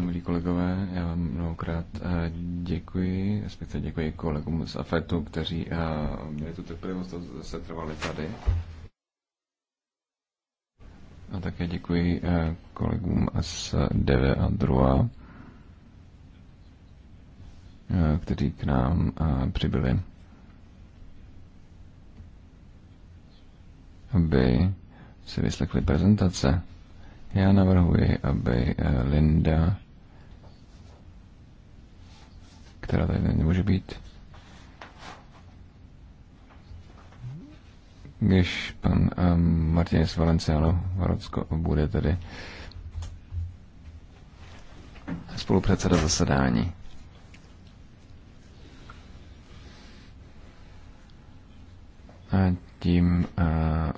Milí kolegové, já vám mnohokrát eh, děkuji, respektive děkuji kolegům z AFETu, kteří eh, měli tu trpělivost a se trvali tady. A také děkuji eh, kolegům z DV a Drua, kteří k nám přibyli, aby si vyslechli prezentace. Já navrhuji, aby eh, Linda, která tady nemůže být, když pan eh, Martínez Valenciano Varocko bude tady spolupředseda zasedání. A tím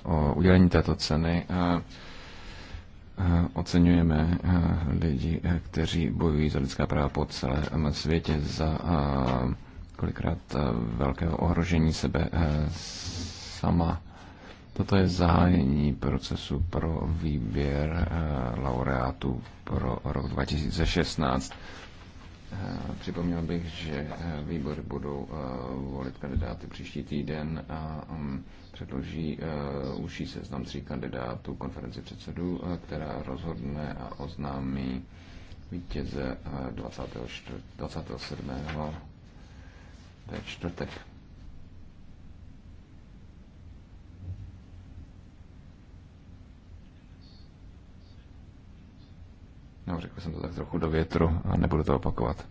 uh, o udělení této ceny uh, Eh, oceňujeme eh, lidi, eh, kteří bojují za lidská práva po celém světě, za kolikrát velkého ohrožení sebe sama. Toto je zahájení procesu pro výběr laureátů pro rok 2016. Připomněl bych, že výbory budou volit kandidáty příští týden a mm, předloží uh, eh, užší seznam tří kandidátů konferenci předsedů, uh, která rozhodne a oznámí vítěze uh, 24, 27. To čtvrtek. No, řekl jsem to tak trochu do větru a nebudu to opakovat.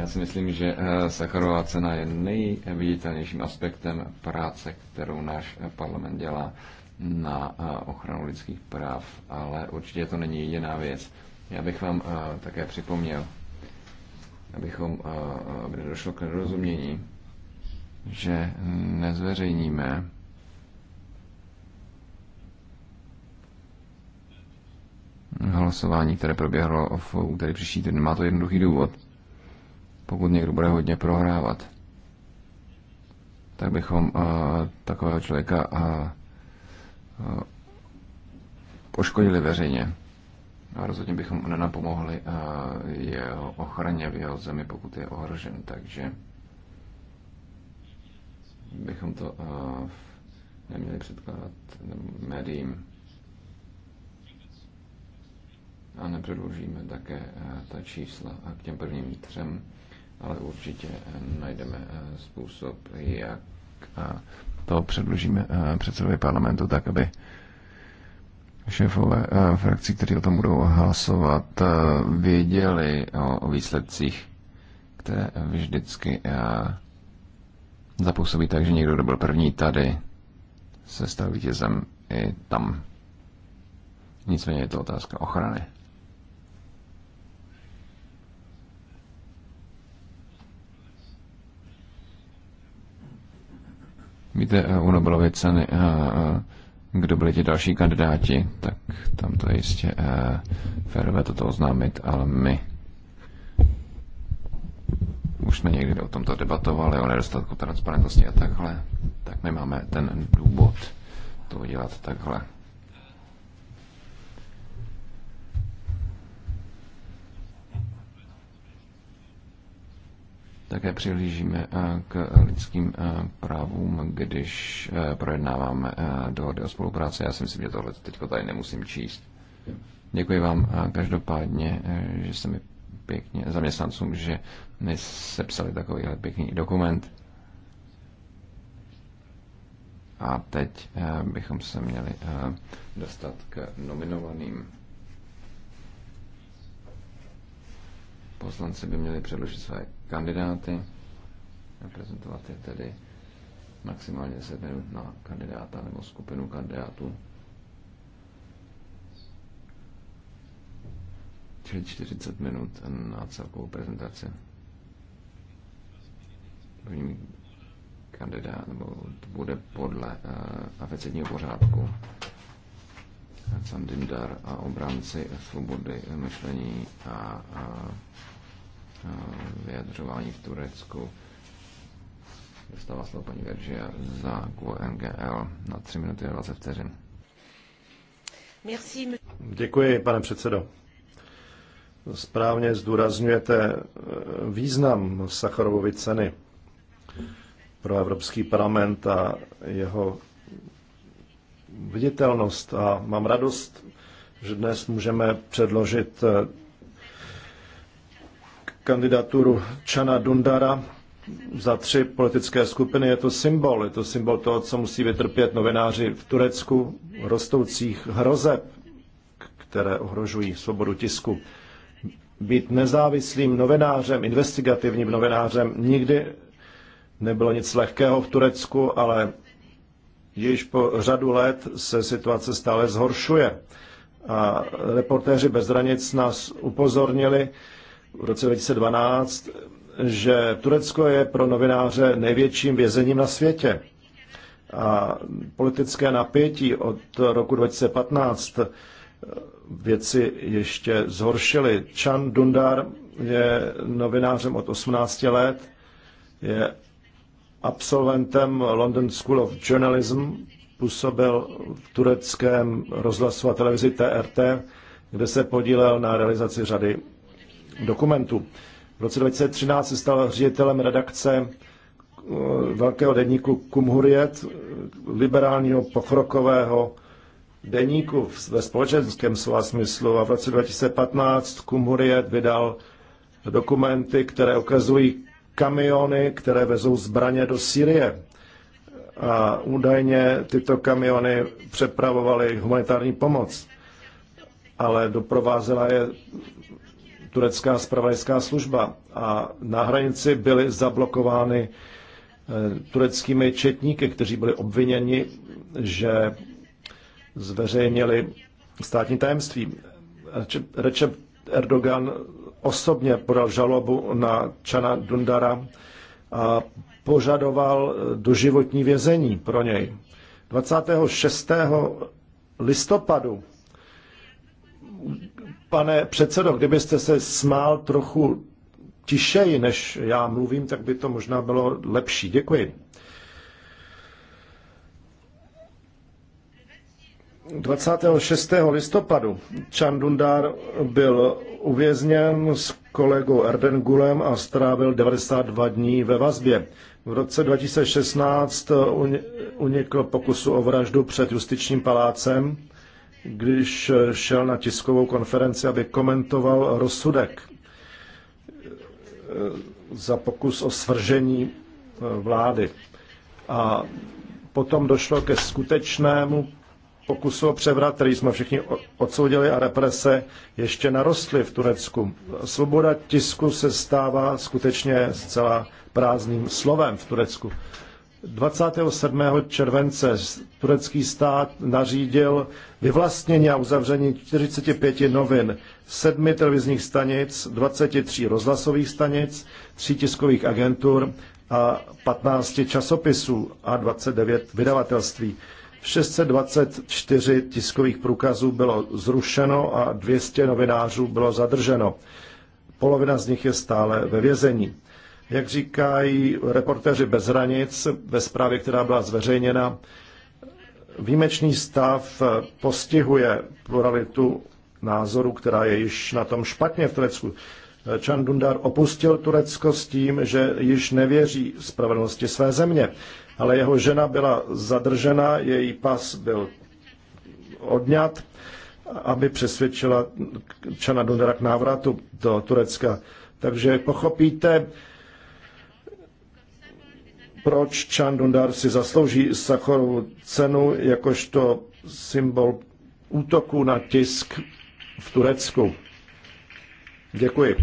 Já si myslím, že eh, Sacharová cena je nejviditelnějším aspektem práce, kterou náš eh, parlament dělá na eh, ochranu lidských práv, ale určitě to není jediná věc. Já bych vám také připomněl, abychom, aby došlo k nedorozumění, že nezveřejníme hlasování, které proběhlo v úterý příští týden. Má to jednoduchý důvod pokud někdo bude hodně prohrávat, tak bychom a, eh, takového člověka a, eh, a, eh, poškodili veřejně. A rozhodně bychom nenapomohli a, jeho ochraně v jeho zemi, pokud je ohrožen. Takže bychom to a, neměli předkládat médiím. A nepředložíme také ta čísla a k těm prvním třem ale určitě eh, najdeme eh, způsob, jak to předložíme eh, předsedovi parlamentu tak, aby šéfové frakcí, kteří o tom budou hlasovat, věděli o výsledcích, které vždycky zapůsobí tak, že někdo, kdo byl první tady, se stal vítězem i tam. Nicméně je to otázka ochrany. Víte, eh, u Nobelovy ceny, eh, eh, kdo byli ti další kandidáti, tak tam to je jistě férové toto oznámit, ale my už jsme někdy o tomto debatovali, o nedostatku transparentnosti a takhle, tak my máme ten důvod to udělat takhle. Také přihlížíme eh, k lidským eh, právům, když eh, projednáváme dohody o spolupráci. Já si myslím, že tohle teď tady nemusím číst. Děkuji vám každopádně, že se mi pěkně zaměstnancům, že mi sepsali takovýhle pěkný dokument. A teď bychom se měli dostat k nominovaným. poslanci by měli předložit své kandidáty a prezentovat je tedy maximálně 10 minut na kandidáta nebo skupinu kandidátů. Čili 40 minut na celkovou prezentaci. První kandidát, nebo to bude podle uh, abecedního pořádku. Sandindar a obránci svobody myšlení a, a, a vyjadřování v Turecku. Dostává slovo paní Veržia za QNGL na 3 minuty a 20 vteřin. Děkuji, pane předsedo. Správně zdůrazňujete eh, význam Sacharovovy ceny pro Evropský parlament a jeho viditelnost a mám radost, že dnes můžeme předložit eh, kandidaturu Čana Dundara za tři politické skupiny. Je to symbol, je to symbol toho, co musí vytrpět novináři v Turecku, rostoucích hrozeb, které ohrožují svobodu tisku. Být nezávislým novinářem, investigativním novinářem nikdy nebylo nic lehkého v Turecku, ale Již po řadu let se situace stále zhoršuje. A reportéři bez hranic nás upozornili v roce 2012, že Turecko je pro novináře největším vězením na světě. A politické napětí od roku 2015 věci ještě zhoršily. Čan Dundar je novinářem od 18 let, je absolventem London School of Journalism, působil v tureckém rozhlasu a televizi TRT, kde se podílel na realizaci řady dokumentů. V roce 2013 se stal ředitelem redakce eh, velkého denníku Kumhuriet, liberálního pokrokového deníku ve společenském slova smyslu a v roce 2015 Kumhuriet vydal dokumenty, které ukazují kamiony, které vezou zbraně do Syrie. A údajně tyto kamiony přepravovaly humanitární pomoc, ale doprovázela je turecká spravodajská služba a na hranici byly zablokovány eh, tureckými četníky, kteří byli obviněni, že zveřejnili státní tajemství. Recep Erdogan osobně podal žalobu na Čana Dundara a požadoval doživotní vězení pro něj. 26. listopadu, pane předsedo, kdybyste se smál trochu tišeji, než já mluvím, tak by to možná bylo lepší. Děkuji. 26. listopadu Čandundar byl uvězněn s kolegou Erden Gulem a strávil 92 dní ve vazbě. V roce 2016 unikl pokusu o vraždu před justičním palácem, když šel na tiskovou konferenci, aby komentoval rozsudek za pokus o svržení vlády. A potom došlo ke skutečnému pokusu o převrat, který jsme všichni odsoudili a represe ještě narostly v Turecku. Svoboda tisku se stává skutečně zcela prázdným slovem v Turecku. 27. července turecký stát nařídil vyvlastnění a uzavření 45 novin, sedmi televizních stanic, 23 rozhlasových stanic, tří tiskových agentur a 15 časopisů a 29 vydavatelství. 624 tiskových průkazů bylo zrušeno a 200 novinářů bylo zadrženo. Polovina z nich je stále ve vězení. Jak říkají reportéři bez hranic ve zprávě, která byla zveřejněna, výjimečný stav postihuje pluralitu názoru, která je již na tom špatně v Turecku. Čan Dundar opustil Turecko s tím, že již nevěří spravedlnosti své země ale jeho žena byla zadržena, její pas byl odňat, aby přesvědčila Čana Dundera k návratu do Turecka. Takže pochopíte, proč Čan Dundar si zaslouží Sachorovu cenu jakožto symbol útoku na tisk v Turecku. Děkuji.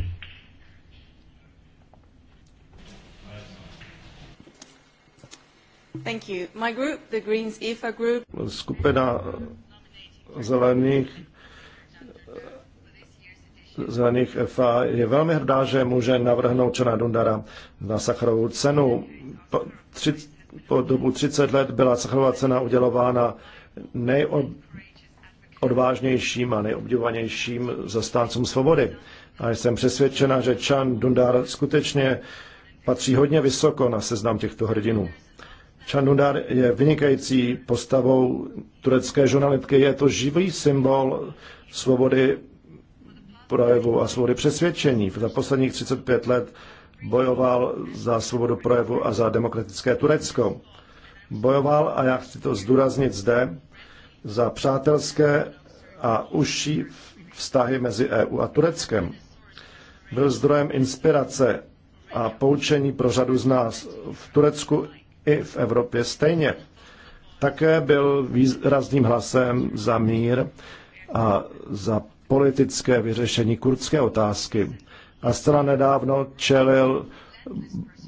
Thank you. My group, the Greens IFA e group. Skupina zelených zelených e FA je velmi hrdá, že může navrhnout Čena Dundara na Sacharovou cenu. Po, tři, po dobu 30 let byla Sacharová cena udělována nejodvážnějším a nejobdivovanějším zastáncům svobody. A jsem přesvědčena, že Čan Dundar skutečně patří hodně vysoko na seznam těchto hrdinů. Čanundar je vynikající postavou turecké žurnalistky. Je to živý symbol svobody projevu a svobody přesvědčení. Za posledních 35 let bojoval za svobodu projevu a za demokratické Turecko. Bojoval, a já chci to zdůraznit zde, za přátelské a užší vztahy mezi EU a Tureckem. Byl zdrojem inspirace a poučení pro řadu z nás v Turecku i v Evropě stejně. Také byl výrazným hlasem za mír a za politické vyřešení kurdské otázky. A zcela nedávno čelil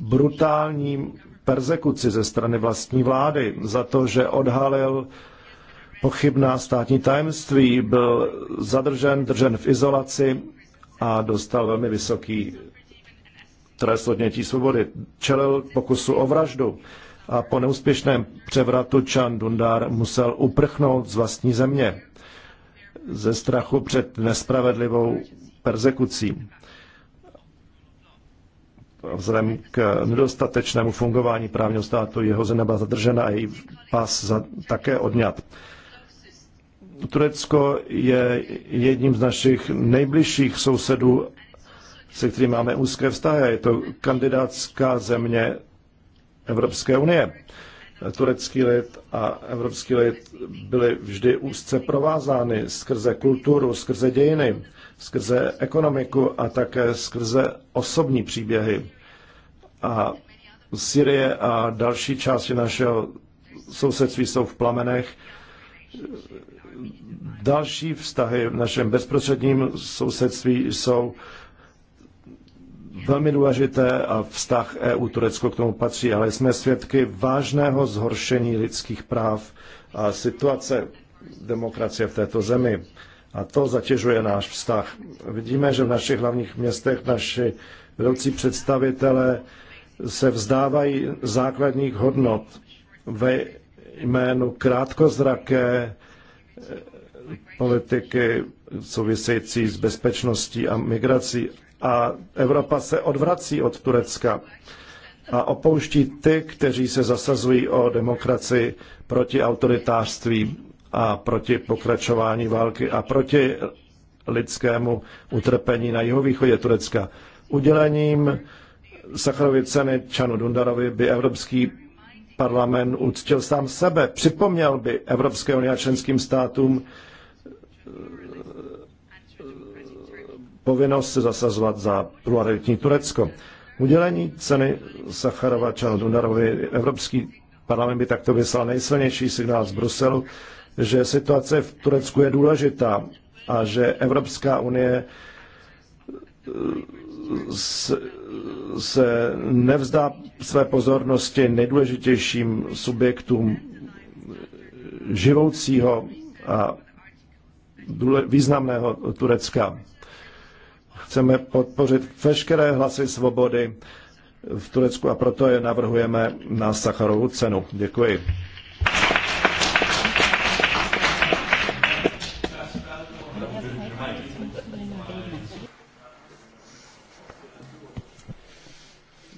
brutální persekuci ze strany vlastní vlády za to, že odhalil pochybná státní tajemství, byl zadržen, držen v izolaci a dostal velmi vysoký trest odnětí svobody. Čelil pokusu o vraždu a po neúspěšném převratu Chan Dundar musel uprchnout z vlastní země ze strachu před nespravedlivou persekucí. Vzhledem k nedostatečnému fungování právního státu jeho země byla zadržena a její pas za, také odňat. Turecko je jedním z našich nejbližších sousedů, se kterým máme úzké vztahy. Je to kandidátská země Evropské unie. Turecký lid a evropský lid byly vždy úzce provázány skrze kulturu, skrze dějiny, skrze ekonomiku a také skrze osobní příběhy. A Syrie a další části našeho sousedství jsou v plamenech. Další vztahy v našem bezprostředním sousedství jsou velmi důležité a vztah EU-Turecko k tomu patří, ale jsme svědky vážného zhoršení lidských práv a situace demokracie v této zemi. A to zatěžuje náš vztah. Vidíme, že v našich hlavních městech naši vedoucí představitelé se vzdávají základních hodnot ve jménu krátkozraké eh, politiky související s bezpečností a migrací a Evropa se odvrací od Turecka a opouští ty, kteří se zasazují o demokracii proti autoritářství a proti pokračování války a proti lidskému utrpení na jihovýchodě Turecka. Udělením Sacharovy ceny Čanu Dundarovi by Evropský parlament uctil sám sebe. Připomněl by Evropské unie a členským státům povinnost se zasazovat za pluralitní Turecko. Udělení ceny Sacharova Čaldunarovi Evropský parlament by takto vyslal nejsilnější signál z Bruselu, že situace v Turecku je důležitá a že Evropská unie eh, se nevzdá své pozornosti nejdůležitějším subjektům živoucího a významného Turecka. Chceme podpořit veškeré hlasy svobody v Turecku a proto je navrhujeme na Sacharovu cenu. Děkuji.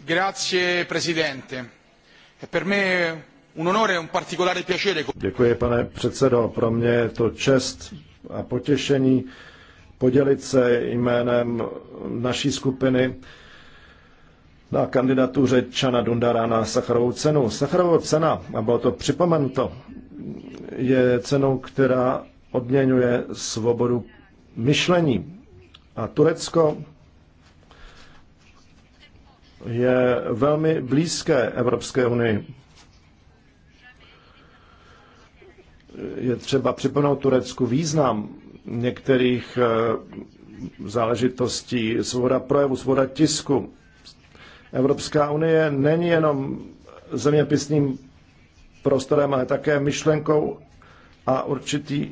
Grazie Presidente. per me un onore e un particolare piacere. Děkuji, pane předsedo. Pro mě je to čest a potěšení podělit se jménem naší skupiny na kandidatuře Čana Dundara na Sacharovou cenu. Sacharovou cena, a bylo to připomenuto, je cenou, která odměňuje svobodu myšlení. A Turecko je velmi blízké Evropské unii. Je třeba připomenout Turecku význam některých eh, záležitostí, svoboda projevu, svoboda tisku. Evropská unie není jenom zeměpisným prostorem, ale také myšlenkou a, určitý,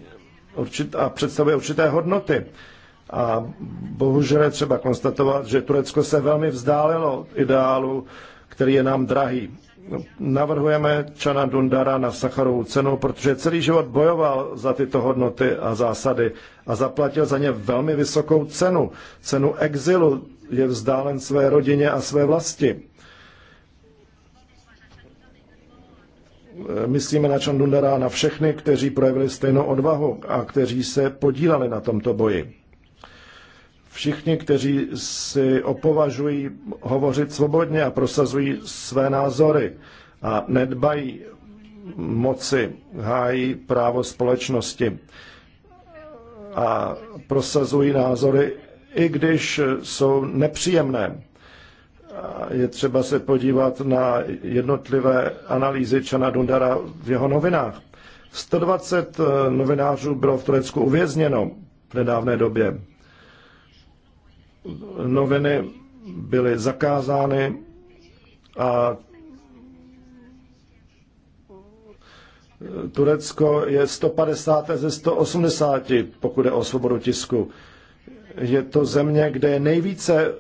určit, a představuje určité hodnoty. A bohužel je třeba konstatovat, že Turecko se velmi vzdálilo ideálu, který je nám drahý navrhujeme Čana Dundara na Sacharovu cenu, protože celý život bojoval za tyto hodnoty a zásady a zaplatil za ně velmi vysokou cenu. Cenu exilu je vzdálen své rodině a své vlasti. Myslíme na Čan Dundara a na všechny, kteří projevili stejnou odvahu a kteří se podíleli na tomto boji. Všichni, kteří si opovažují hovořit svobodně a prosazují své názory a nedbají moci, hájí právo společnosti a prosazují názory, i když jsou nepříjemné. Je třeba se podívat na jednotlivé analýzy Čana Dundara v jeho novinách. 120 novinářů bylo v Turecku uvězněno v nedávné době noviny byly zakázány a Turecko je 150 ze 180, pokud je o svobodu tisku. Je to země, kde je nejvíce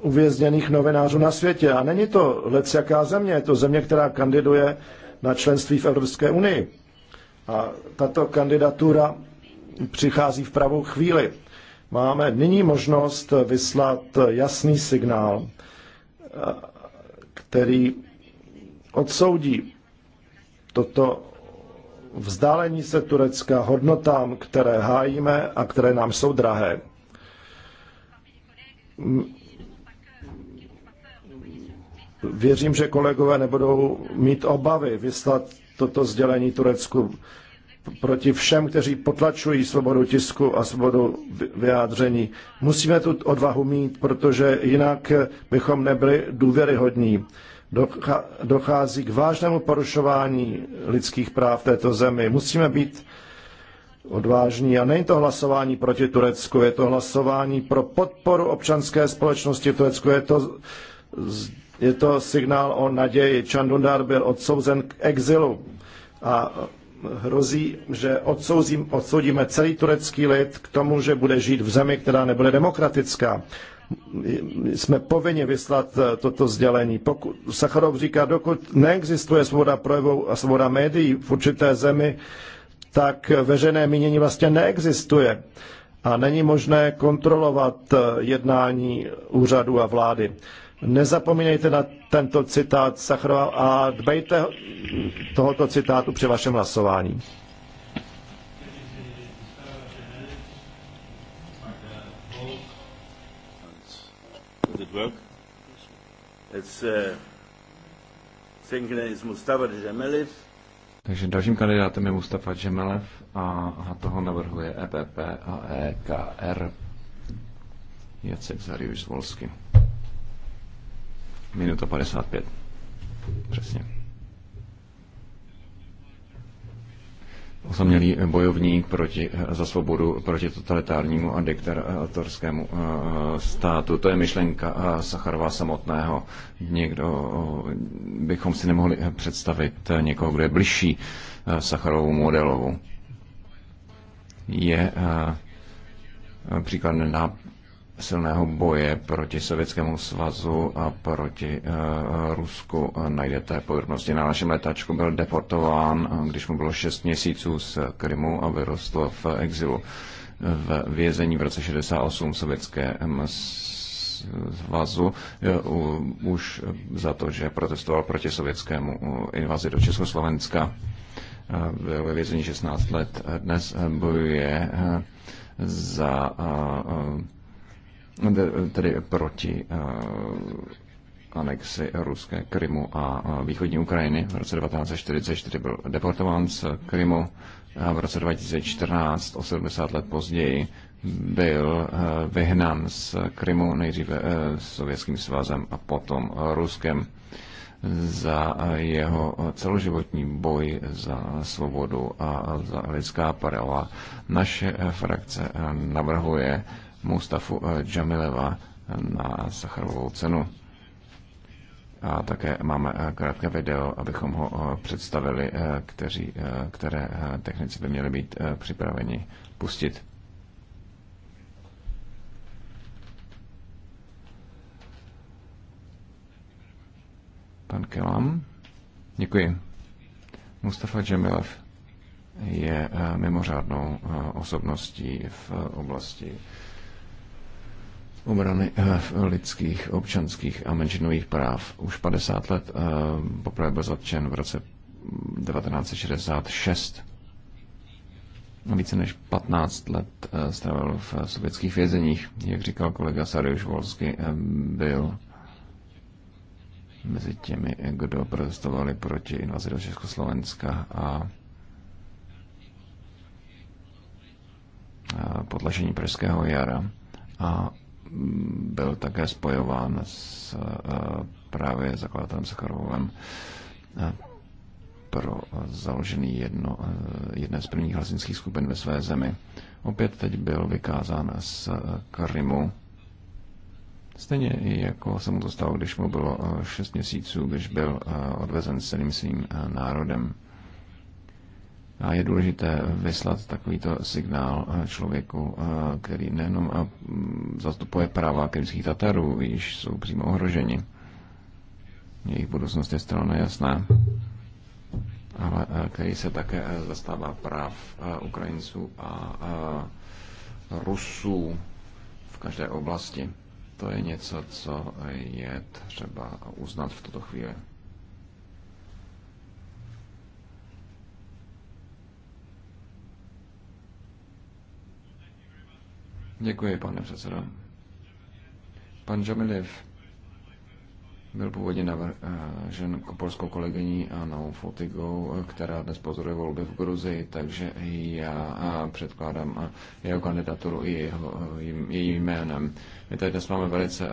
uvězněných novinářů na světě. A není to jaká země, je to země, která kandiduje na členství v Evropské unii. A tato kandidatura přichází v pravou chvíli. Máme nyní možnost vyslat jasný signál, který odsoudí toto vzdálení se Turecka hodnotám, které hájíme a které nám jsou drahé. Věřím, že kolegové nebudou mít obavy vyslat toto sdělení Turecku proti všem, kteří potlačují svobodu tisku a svobodu vyjádření. Musíme tu odvahu mít, protože jinak bychom nebyli důvěryhodní. Dochází k vážnému porušování lidských práv v této zemi. Musíme být odvážní. A není to hlasování proti Turecku, je to hlasování pro podporu občanské společnosti v Turecku. Je to, je to signál o naději. Čandundar byl odsouzen k exilu a hrozí, že odsouzím, odsoudíme celý turecký lid k tomu, že bude žít v zemi, která nebude demokratická. Jsme povinni vyslat eh, toto sdělení. Pokud, Sacharov říká, dokud neexistuje svoboda projevu a svoboda médií v určité zemi, tak veřejné mínění vlastně neexistuje a není možné kontrolovat eh, jednání úřadu a vlády. Nezapomínejte na tento citát Sachrova a dbejte tohoto citátu při vašem hlasování. Uh, Takže dalším kandidátem je Mustafa Džemelev a, a toho navrhuje EPP a EKR. Jacek Zariuš z Volsky. Minuta 55. Přesně. osamělý bojovník proti, eh, za svobodu proti totalitárnímu a diktatorskému eh, státu. To je myšlenka eh, Sacharova samotného. Někdo bychom si nemohli představit někoho, kdo je bližší Sacharovu modelovu. Je příklad silného boje proti Sovětskému svazu a proti uh, Rusku. Najdete podrobnosti na našem letáčku. Byl deportován, když mu bylo 6 měsíců z Krymu a vyrostl v exilu v vězení v roce 68 Sovětském svazu eh, už za to, že protestoval proti sovětskému eh, invazi do Československa. Byl ve vězení 16 let. Dnes bojuje za Eh, tedy proti eh, anexi ruské Krymu a východní Ukrajiny. V roce 1944 byl deportován z Krymu a v roce 2014, o 70 let později, byl eh, vyhnán z Krymu nejdříve Sovětským svazem a potom Ruskem za jeho celoživotní boj za svobodu a za lidská práva. Naše frakce navrhuje Mustafu Džamileva eh, eh, na Sacharovou cenu. A také máme eh, krátké video, abychom ho představili, kteří, které technici by měli být připraveni pustit. Pan Kelam. Děkuji. Mustafa Džemilev je mimořádnou osobností v oblasti obrany eh, lidských, občanských a menšinových práv. Už 50 let eh, poprvé byl zatčen v roce 1966. Více než 15 let eh, strávil v sovětských vězeních. Jak říkal kolega Sariuš Volsky, byl mezi těmi, kdo protestovali proti invazi do Československa a podlažení Pražského jara a byl také spojován s eh, právě zakladatelem Sacharovem eh, pro založený jedno, eh, jedné z prvních hlasinských skupin ve své zemi. Opět teď byl vykázán z Krymu. Stejně i jako se mu to stalo, když mu bylo 6 měsíců, když byl odvezen celým svým národem. A je důležité vyslat takovýto signál eh, člověku, eh, který nejenom eh, mm, zastupuje práva krymských Tatarů, již jsou přímo ohroženi. Jejich budoucnost je zcela nejasná, ale který se také zastává práv Ukrajinců a Rusů v každé oblasti. To je něco, co je třeba uznat v tuto chvíli. Děkuji, pane předsedo. Pan Jamilev byl původně navržen polskou kolegyní Anou Fotigou, která dnes pozoruje volby v Gruzii, takže já předkládám jeho kandidaturu i jeho, její jménem. My tady dnes máme velice eh,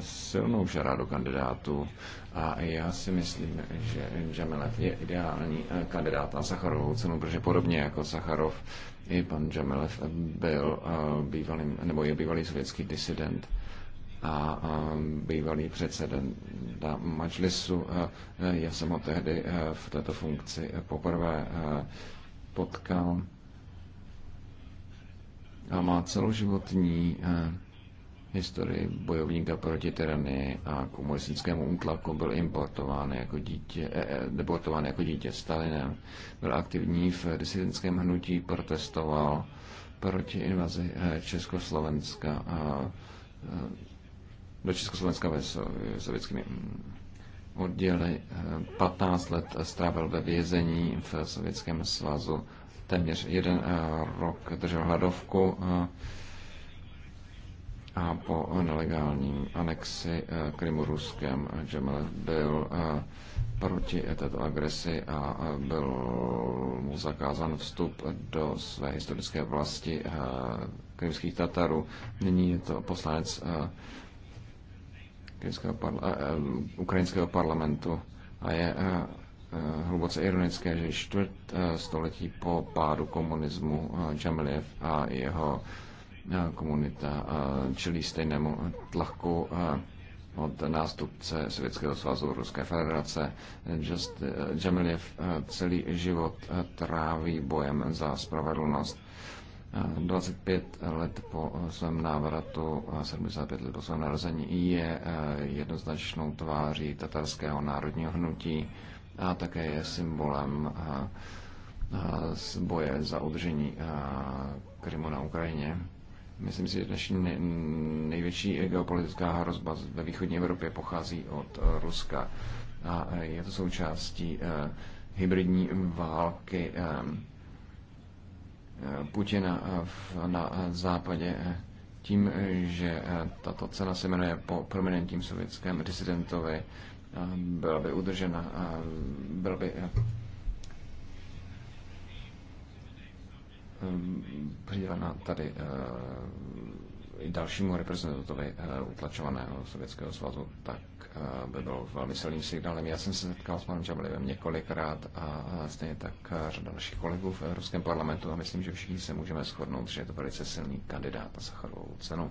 silnou žarádu kandidátů a já si myslím, že Jamilev je ideální eh, kandidát na Sacharovou cenu, protože podobně jako Sacharov i pan Jamelev byl eh, bývalý, nebo je bývalý sovětský disident a eh, bývalý předseda Uh, Já jsem ho tehdy v této funkci poprvé potkal a má celoživotní historii bojovníka proti tyranii a komunistickému útlaku byl importován jako dítě, e, e, deportován jako dítě Stalinem. Byl aktivní v disidentském hnutí, protestoval proti invazi e, Československa a do Československa ve sovětskými mm, oddělení 15 let strávil ve vězení v Sovětském svazu. Téměř jeden rok držel hladovku a po nelegálním anexi eh, Krymu Ruskem Džemel byl eh, proti této agresi a eh, byl mu zakázán vstup do své historické vlasti krymských Tatarů. Nyní je to poslanec parla- ukrajinského parlamentu a je hluboce ironické, že čtvrt století po pádu komunismu Džemelev a jeho komunita čelí stejnému tlaku od nástupce Sovětského svazu Ruské federace. Just, Jamiljev eh, eh, celý život eh, tráví bojem za spravedlnost. 25 let po svém návratu, 75 let po svém narození, je jednoznačnou tváří tatarského národního hnutí a také je symbolem z boje za udržení Krymu na Ukrajině. Myslím si, že naši největší geopolitická hrozba ve východní Evropě pochází od eh, Ruska a eh, je to součástí eh, hybridní války Putina na západě tím, že tato cena se jmenuje po prominentním sovětském disidentovi, byla by udržena, byla by přidělena tady eh, i dalšímu reprezentantovi eh, utlačovaného Sovětského svazu, tak eh, by byl velmi silným signálem. Já jsem se setkal s panem Čablivem několikrát a stejně tak řada našich kolegů v Evropském parlamentu a myslím, že všichni se můžeme shodnout, že je to velice silný kandidát na Sacharovou cenu.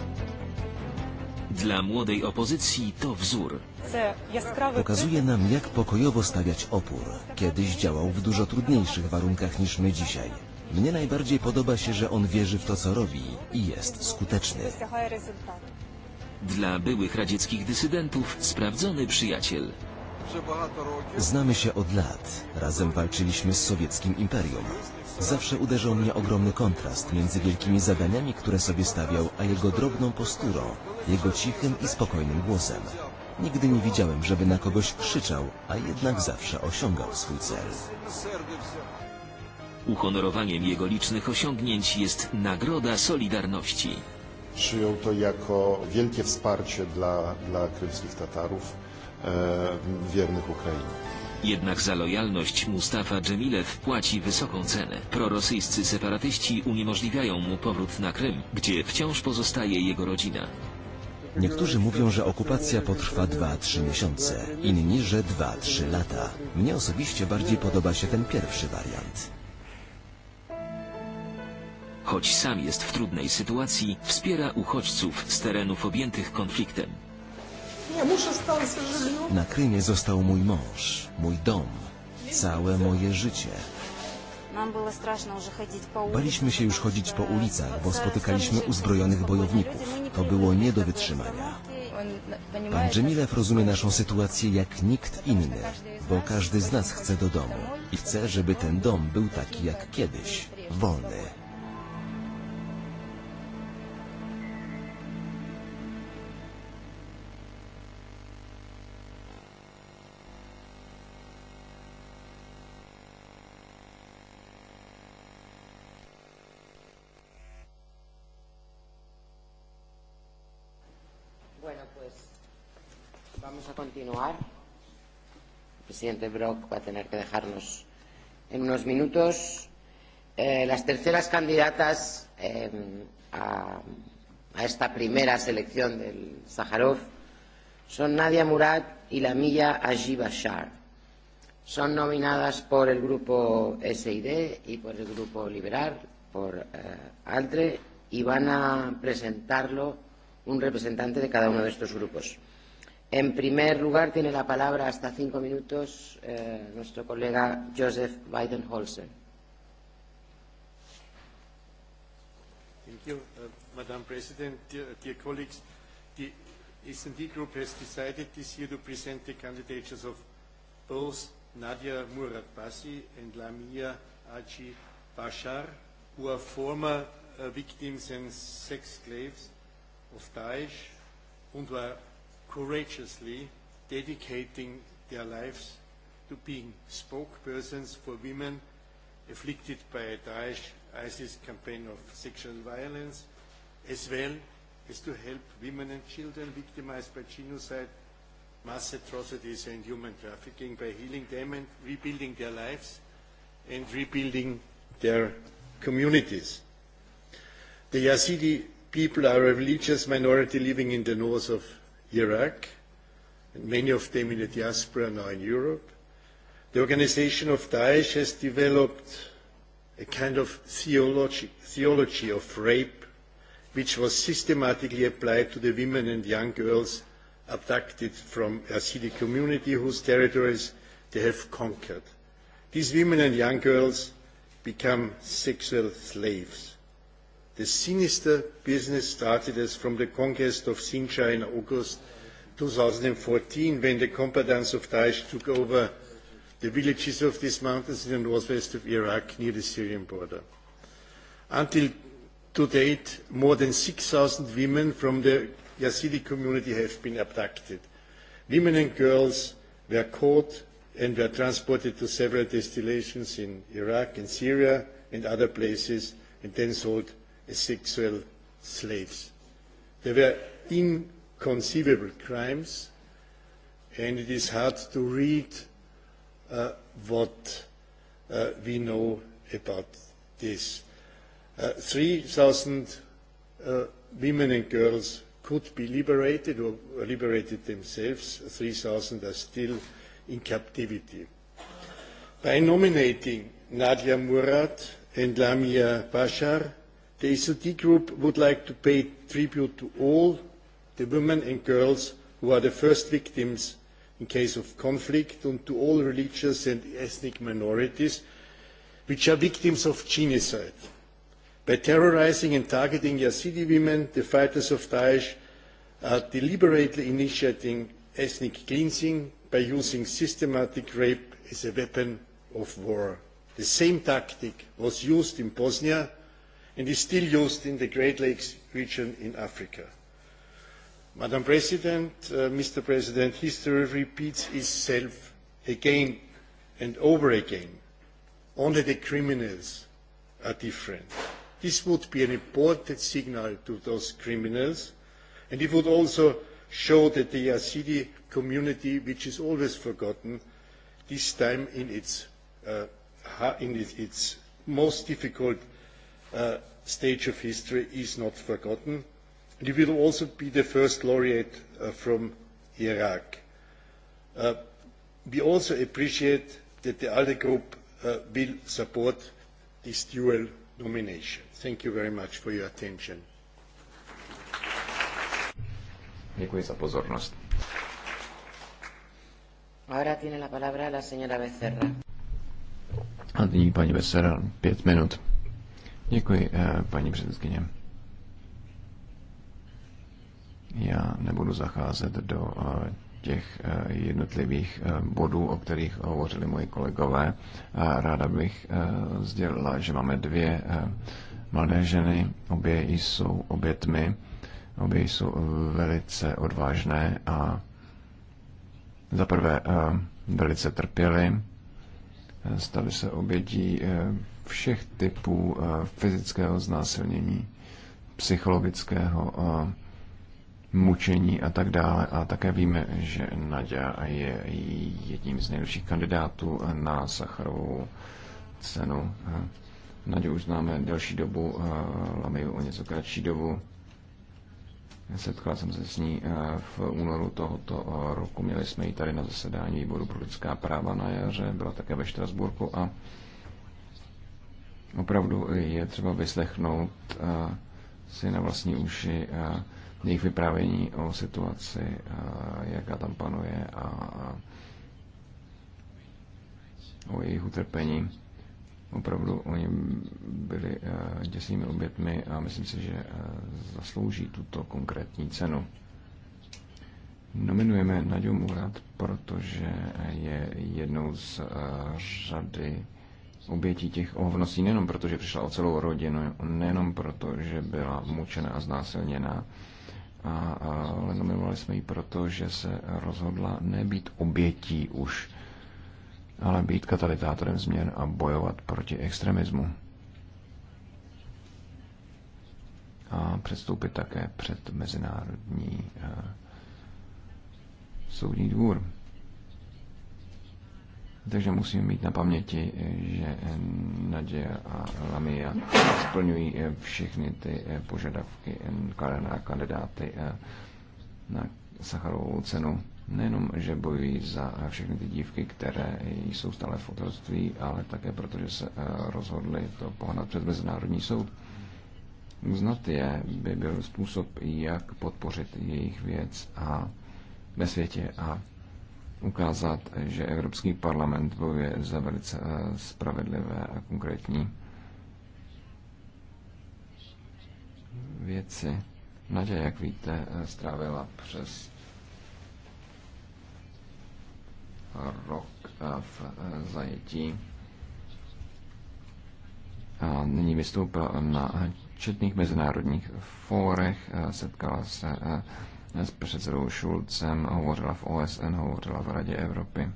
Dla młodej opozycji to wzór. Pokazuje nam, jak pokojowo stawiać opór. Kiedyś działał w dużo trudniejszych warunkach niż my dzisiaj. Mnie najbardziej podoba się, że on wierzy w to, co robi i jest skuteczny. Dla byłych radzieckich dysydentów sprawdzony przyjaciel. Znamy się od lat. Razem walczyliśmy z sowieckim imperium. Zawsze uderzał mnie ogromny kontrast między wielkimi zadaniami, które sobie stawiał, a jego drobną posturą, jego cichym i spokojnym głosem. Nigdy nie widziałem, żeby na kogoś krzyczał, a jednak zawsze osiągał swój cel. Uhonorowaniem jego licznych osiągnięć jest Nagroda Solidarności. Przyjął to jako wielkie wsparcie dla, dla krymskich Tatarów e, wiernych Ukrainie. Jednak za lojalność Mustafa Dżemilew płaci wysoką cenę. Prorosyjscy separatyści uniemożliwiają mu powrót na Krym, gdzie wciąż pozostaje jego rodzina. Niektórzy mówią, że okupacja potrwa 2-3 miesiące, inni, że 2-3 lata. Mnie osobiście bardziej podoba się ten pierwszy wariant. Choć sam jest w trudnej sytuacji, wspiera uchodźców z terenów objętych konfliktem. Nie muszę stać Na Krymie został mój mąż, mój dom, całe moje życie. Baliśmy się już chodzić po ulicach, bo spotykaliśmy uzbrojonych bojowników. To było nie do wytrzymania. No, no Pan Dżemilew rozumie naszą sytuację jak nikt inny, bo każdy z nas chce do domu i chce, żeby ten dom był taki jak kiedyś, wolny. presidente Brock va a tener que dejarnos en unos minutos. Eh, las terceras candidatas eh, a, a esta primera selección del Sájarov son Nadia Murad y Lamilla Ajibashar. Son nominadas por el grupo SID y por el grupo Liberal, por eh, ALTRE, y van a presentarlo un representante de cada uno de estos grupos. En primer lugar, tiene la palabra hasta cinco minutos eh, nuestro colega Joseph Biden-Holzer. you, uh, Madam President, dear, dear S&D Group has decided this year to present the candidatures of both Nadia Muradbasi and Lamia Aji Bashar, who are former uh, victims and sex slaves of Daesh and who are courageously dedicating their lives to being spokespersons for women afflicted by a Daesh ISIS campaign of sexual violence, as well as to help women and children victimized by genocide, mass atrocities and human trafficking by healing them and rebuilding their lives and rebuilding their communities. The Yazidi people are a religious minority living in the north of Iraq, and many of them in the diaspora now in Europe. The organization of Daesh has developed a kind of theology, theology of rape, which was systematically applied to the women and young girls abducted from city community whose territories they have conquered. These women and young girls become sexual slaves. The sinister business started as from the conquest of Sinjar in August 2014 when the combatants of Daesh took over the villages of these mountains in the northwest of Iraq near the Syrian border. Until to date, more than 6,000 women from the Yazidi community have been abducted. Women and girls were caught and were transported to several destinations in Iraq and Syria and other places and then sold as sexual slaves. They were inconceivable crimes, and it is hard to read uh, what uh, we know about this. Uh, 3,000 uh, women and girls could be liberated or liberated themselves. 3,000 are still in captivity. By nominating Nadia Murad and Lamia Bashar, The ACT group would like to pay tribute to all the women and girls who are the first victims in case of conflict and to all religious and ethnic minorities which are victims of genocide. By terrorising and targeting Yazidi women, the fighters of Daesh are deliberately initiating ethnic cleansing by using systematic rape as a weapon of war. The same tactic was used in Bosnia and is still used in the Great Lakes region in Africa. Madam President, uh, Mr. President, history repeats itself again and over again. Only the criminals are different. This would be an important signal to those criminals, and it would also show that the Yazidi community, which is always forgotten, this time in its, uh, in its most difficult Uh, stage of history is not forgotten. And he will also be the first laureate uh, from Iraq. Uh, we also appreciate that the ALDE group uh, will support this dual nomination. Thank you very much for your attention. Děkuji za pozornost. Ahora tiene la palabra la señora Becerra. A nyní paní Becerra, pět minut. Děkuji, eh, paní předsedkyně. Já nebudu zacházet do eh, těch eh, jednotlivých bodů, o kterých hovořili moji kolegové. Ráda bych sdělila, že máme dvě mladé ženy, obě jsou obětmi, obě jsou velice odvážné a za prvé velice trpěly, staly se obětí všech typů eh, fyzického znásilnění, psychologického eh, mučení a tak dále. A také víme, že Nadia je jedním z nejlepších kandidátů eh, na Sacharovou cenu. Naďu už známe delší dobu, Lamiju o něco kratší dobu. Setkala jsem se s ní v únoru tohoto roku. Měli jsme ji tady na zasedání výboru pro lidská práva na jaře, byla také ve Štrasburku a Opravdu je třeba vyslechnout eh, si na vlastní uši eh, jejich vyprávění o situaci, eh, jaká tam panuje a o jejich utrpení. Opravdu oni byli děsnými obětmi a myslím si, že zaslouží tuto konkrétní cenu. Nominujeme Naďu Murat, protože je jednou z řady obětí těch ohovností nejenom proto, že přišla o celou rodinu, nejenom proto, že byla mučena a znásilněná, a, ale nominovali jsme ji proto, že se rozhodla nebýt obětí už, ale být katalyzátorem změn a bojovat proti extremismu. A předstoupit také před Mezinárodní eh, soudní dvůr. Takže musíme mít na paměti, že Nadia a Lamia splňují všechny ty požadavky na kandidáty eh, na Sacharovou cenu. Nejenom, že bojují za všechny ty dívky, které jsou stále v otroctví, ale také protože se eh, rozhodli to pohnat před Mezinárodní soud. Znat je by byl způsob, jak podpořit jejich věc a ve světě a ukázat, že Evropský parlament bojuje za velice eh, spravedlivé a konkrétní věci. Nadě, jak víte, eh, strávila přes rok eh, v zajetí a nyní vystoupila na četných mezinárodních fórech, setkala se s předsedou Šulcem, hovořila v OSN, hovořila v Radě Evropy.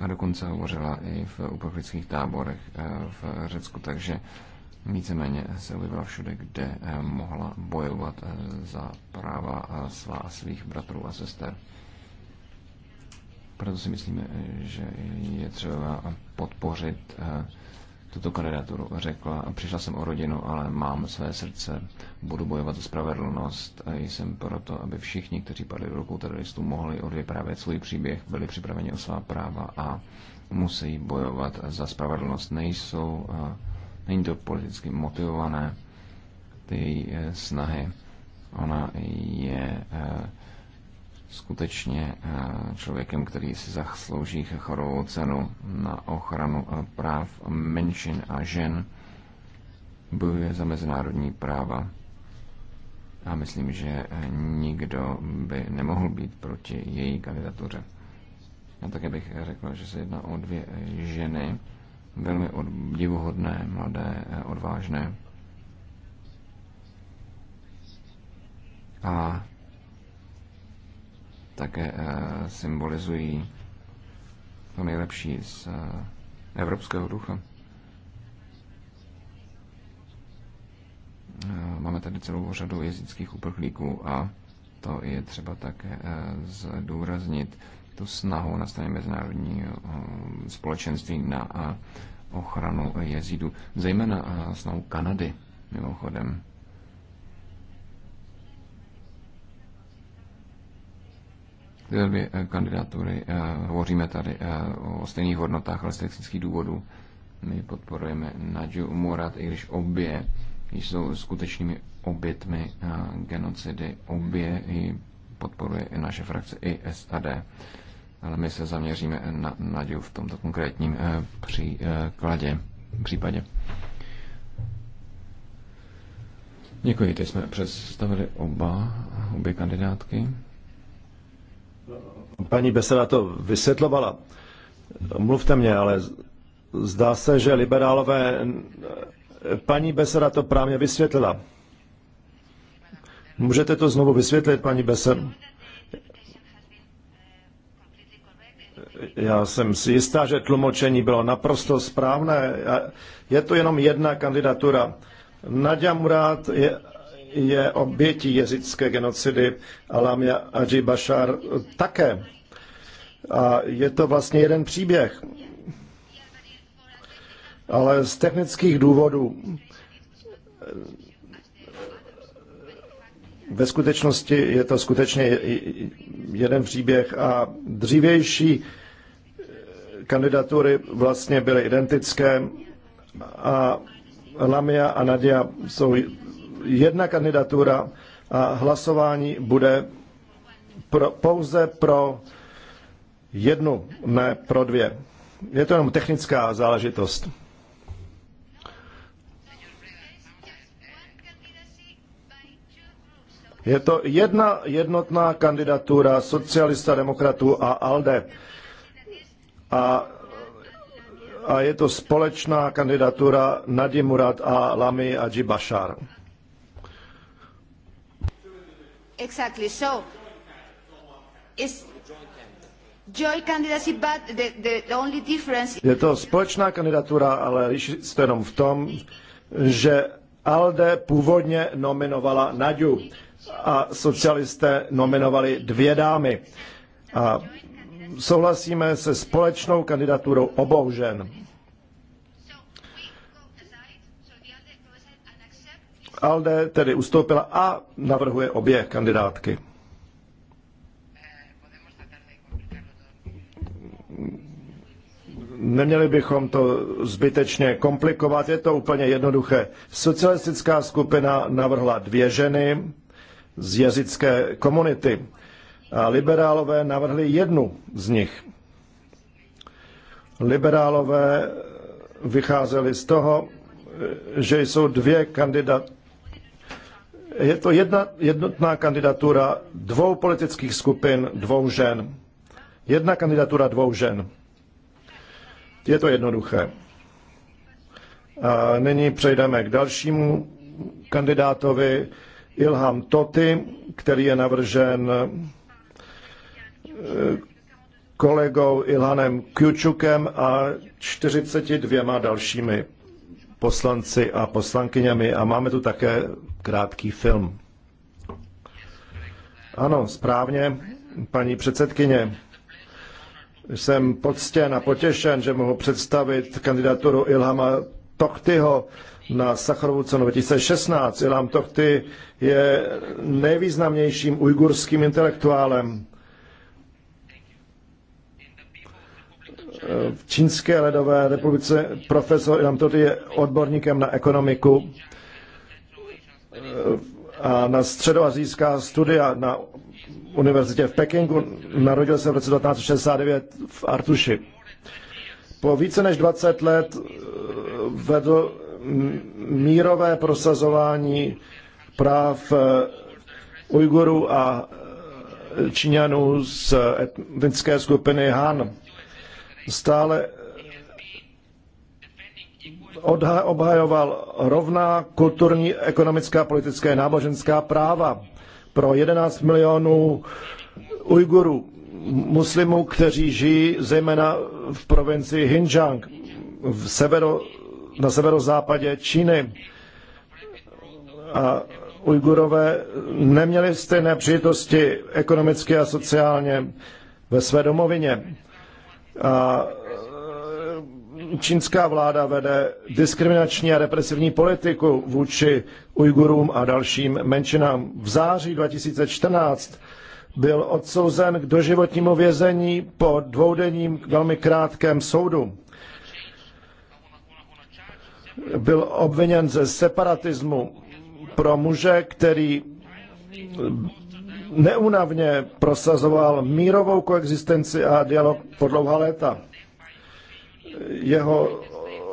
A dokonce hovořila i v uprchlických táborech eh, v Řecku, takže víceméně se objevila všude, kde eh, mohla bojovat eh, za práva svá a svých bratrů a sester. Proto si myslíme, že je třeba podpořit tuto kandidaturu řekla, a přišla jsem o rodinu, ale mám své srdce, budu bojovat za spravedlnost a jsem proto, aby všichni, kteří padli do rukou teroristů, mohli odvyprávět svůj příběh, byli připraveni o svá práva a musí bojovat za spravedlnost. Nejsou, není to politicky motivované, ty eh, snahy. Ona je eh, skutečně eh, člověkem, který si zaslouží chorovou cenu na ochranu eh, práv menšin a žen, bojuje za mezinárodní práva. A myslím, že eh, nikdo by nemohl být proti její kandidatuře. A také bych řekl, že se jedná o dvě ženy, velmi divuhodné, mladé, odvážné. A také eh, symbolizují to nejlepší z eh, evropského ducha. Eh, máme tady celou řadu jezických uprchlíků a to je třeba také zdůraznit tu snahu na straně mezinárodního společenství na ochranu jezídu, zejména snahu Kanady, mimochodem. tyhle eh, dvě kandidatury. Eh, hovoříme tady eh, o stejných hodnotách, ale z technických důvodů my podporujeme Nadju Murat, i když obě jsou skutečnými obětmi genocidy. Obě ji podporuje i naše frakce, i SAD. Ale my se zaměříme na Nadju v tomto konkrétním příkladě, případě. Děkuji, teď jsme představili oba, obě kandidátky paní Beseda to vysvětlovala. Mluvte mě, ale zdá se, že liberálové... Paní Beseda to právě vysvětlila. Můžete to znovu vysvětlit, paní Beseda? Já jsem si jistá, že tlumočení bylo naprosto správné. Je to jenom jedna kandidatura. Nadia Murad je je obětí jezické genocidy Alamia Lamia Aji Bashar také. A je to vlastně jeden příběh. Ale z technických důvodů ve skutečnosti je to skutečně jeden příběh a dřívější kandidatury vlastně byly identické a Lamia a Nadia jsou jedna kandidatura a hlasování bude pro, pouze pro jednu, ne pro dvě. Je to jenom technická záležitost. Je to jedna jednotná kandidatura socialista, demokratů a ALDE. A, a je to společná kandidatura Nadi Murad a Lami Aji Bashar. Exactly. So it's joint candidacy, but the, the only difference... Je to společná kandidatura, ale liší se jenom v tom, že ALDE původně nominovala Naďu a socialisté nominovali dvě dámy. A souhlasíme se společnou kandidaturou obou žen. ALDE tedy ustoupila a navrhuje obě kandidátky. Neměli bychom to zbytečně komplikovat, je to úplně jednoduché. Socialistická skupina navrhla dvě ženy z jezické komunity a liberálové navrhli jednu z nich. Liberálové vycházeli z toho, že jsou dvě kandidat, je to jedna, jednotná kandidatura dvou politických skupin, dvou žen. Jedna kandidatura dvou žen. Je to jednoduché. A nyní přejdeme k dalšímu kandidátovi, Ilham Toty, který je navržen eh, kolegou Ilhanem Kjučukem a 42 dalšími poslanci a poslankyněmi. A máme tu také krátký film. Ano, správně, paní předsedkyně. Jsem poctěn a potěšen, že mohu představit kandidaturu Ilhama Tochtyho na Sacharovu cenu 2016. Ilham Tochty je nejvýznamnějším ujgurským intelektuálem. V Čínské ledové republice profesor Ilham Tochty je odborníkem na ekonomiku a na středoazijská studia na univerzitě v Pekingu. Narodil se v roce 1969 v Artuši. Po více než 20 let eh, vedl mírové prosazování práv eh, Ujgurů a eh, Číňanů z etnické skupiny Han. Stále obhajoval rovná kulturní, ekonomická, politická a náboženská práva pro 11 milionů Ujgurů, muslimů, kteří žijí zejména v provincii Xinjiang v severo, na severozápadě Číny. A Ujgurové neměli stejné příležitosti ekonomicky a sociálně ve své domovině. A čínská vláda vede diskriminační a represivní politiku vůči Ujgurům a dalším menšinám. V září 2014 byl odsouzen k doživotnímu vězení po dvoudenním velmi krátkém soudu. Byl obviněn ze separatismu pro muže, který neunavně prosazoval mírovou koexistenci a dialog po dlouhá léta jeho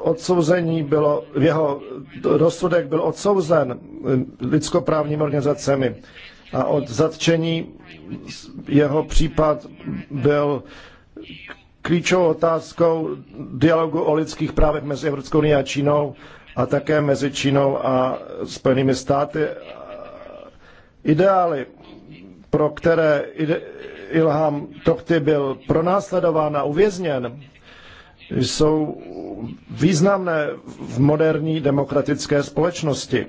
odsouzení bylo, jeho rozsudek byl odsouzen lidskoprávními organizacemi a od zatčení jeho případ byl klíčovou otázkou dialogu o lidských právech mezi Evropskou unii a Čínou a také mezi Čínou a Spojenými státy. Ideály, pro které Ilham Tohty byl pronásledován a uvězněn, jsou významné v moderní demokratické společnosti.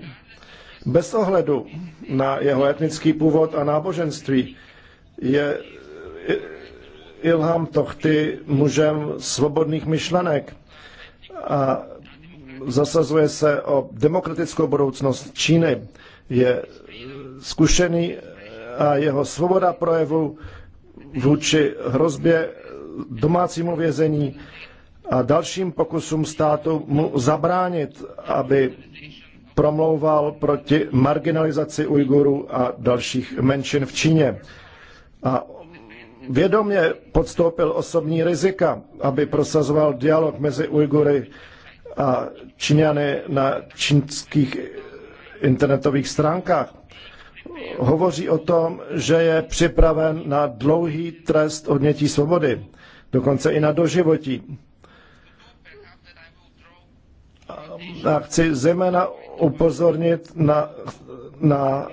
Bez ohledu na jeho etnický původ a náboženství je Ilham Tohty mužem svobodných myšlenek a zasazuje se o demokratickou budoucnost Číny. Je zkušený a jeho svoboda projevu vůči hrozbě domácímu vězení a dalším pokusům státu mu zabránit, aby promlouval proti marginalizaci Ujgurů a dalších menšin v Číně. A vědomě podstoupil osobní rizika, aby prosazoval dialog mezi Ujgury a Číňany na čínských internetových stránkách. Hovoří o tom, že je připraven na dlouhý trest odnětí svobody, dokonce i na doživotí. chci zejména upozornit na, na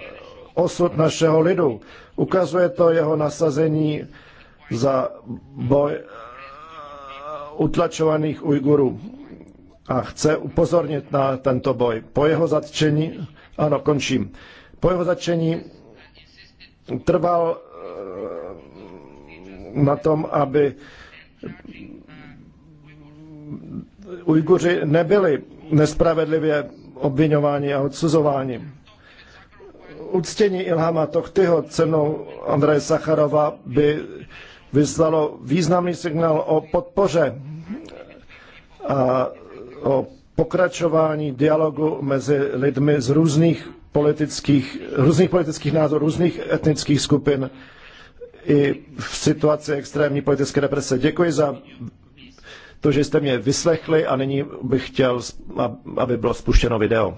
osud našeho lidu. Ukazuje to jeho nasazení za boj uh, utlačovaných Ujgurů. A chce upozornit na tento boj. Po jeho zatčení, ano, končím. Po jeho zatčení trval uh, na tom, aby Ujguři nebyli nespravedlivě obvinování a odsuzování. Uctění Ilhama Tochtyho cenou Andreje Sacharova by vyslalo významný signál o podpoře a o pokračování dialogu mezi lidmi z různých politických, různých politických názorů, různých etnických skupin i v situaci extrémní politické represe. Děkuji za to, že jste mě vyslechli a nyní bych chtěl, aby bylo spuštěno video.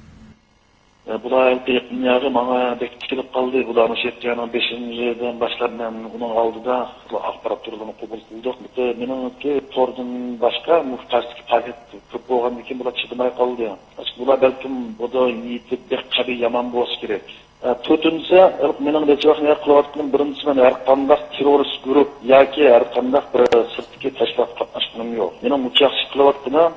E, bu da dünyada bana bir kilip kaldı. Bu da anışet yani beşinci yıldan başlar ben bunun aldı da akbarat turlarını kabul kıldık. Bu da benim ki tordun başka muhtarsızki paket köp boğan dikin bu da çıkmaya kaldı. Açık bu da belki bu da yitip bir kabi yaman boğaz gerek. Төртінші, менің де жоқ не қылыватқаным біріншісімен әрқандақ террорист групп яки әрқандақ бір сыртки тәшкілат қатынашқаным жоқ. Менің жақсы қылыватқаным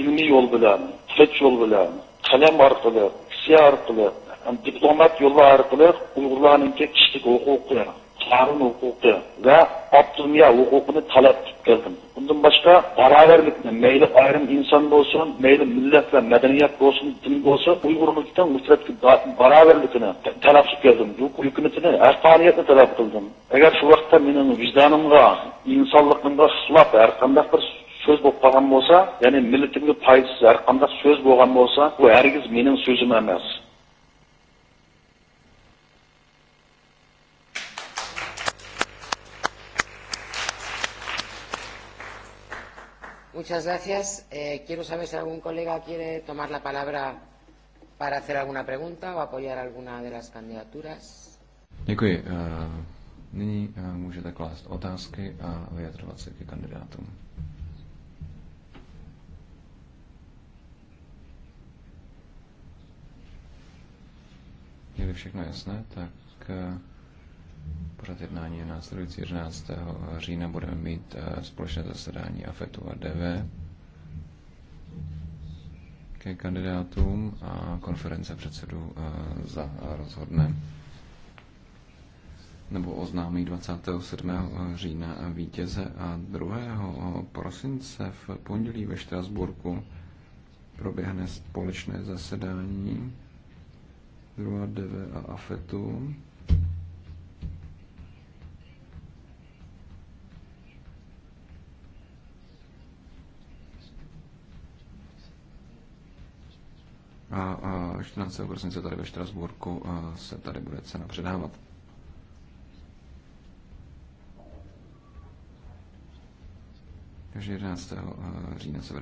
илми жол білән, тілек жол білән, қалам арқылы, siyasi orqali yani diplomat yo'li orqali uyg'urlarninki kishilik huquqi qonun huquqi va optimiya huquqini talab qilib keldim bundan boshqa barobarlikni mayli ayrim inson bo'lsin mayli millat va madaniyat bo'lsin din bo'lsin uyg'urlikdan muslatga barobarlikni talab qilib keldim hukumatini haqqoniyatni talab qildim agar shu vaqtda mening vijdonimga insonligimga xilof har qanday bir сөз болып қалған болса яғни милләтімге пайдасыз söz сөз болған болса бұл әргіз менің сөзім емес Muchas gracias. Eh, quiero saber si algún colega quiere tomar la palabra para hacer alguna pregunta o apoyar alguna de las candidaturas. Děkuji. Uh, Nyní uh, můžete klást otázky a vyjadřovat se ke kandidátům. měli všechno jasné, tak eh, pořád jednání je následující 11. října. Budeme mít eh, společné zasedání AFETu a DV ke kandidátům a konference předsedů eh, za rozhodne nebo oznámí 27. října vítěze a 2. prosince v pondělí ve Štrasburku proběhne společné zasedání druhá DV a AFETu. A, a 14. prosince tady ve Štrasburku se tady bude cena předávat. Takže 11. října se bude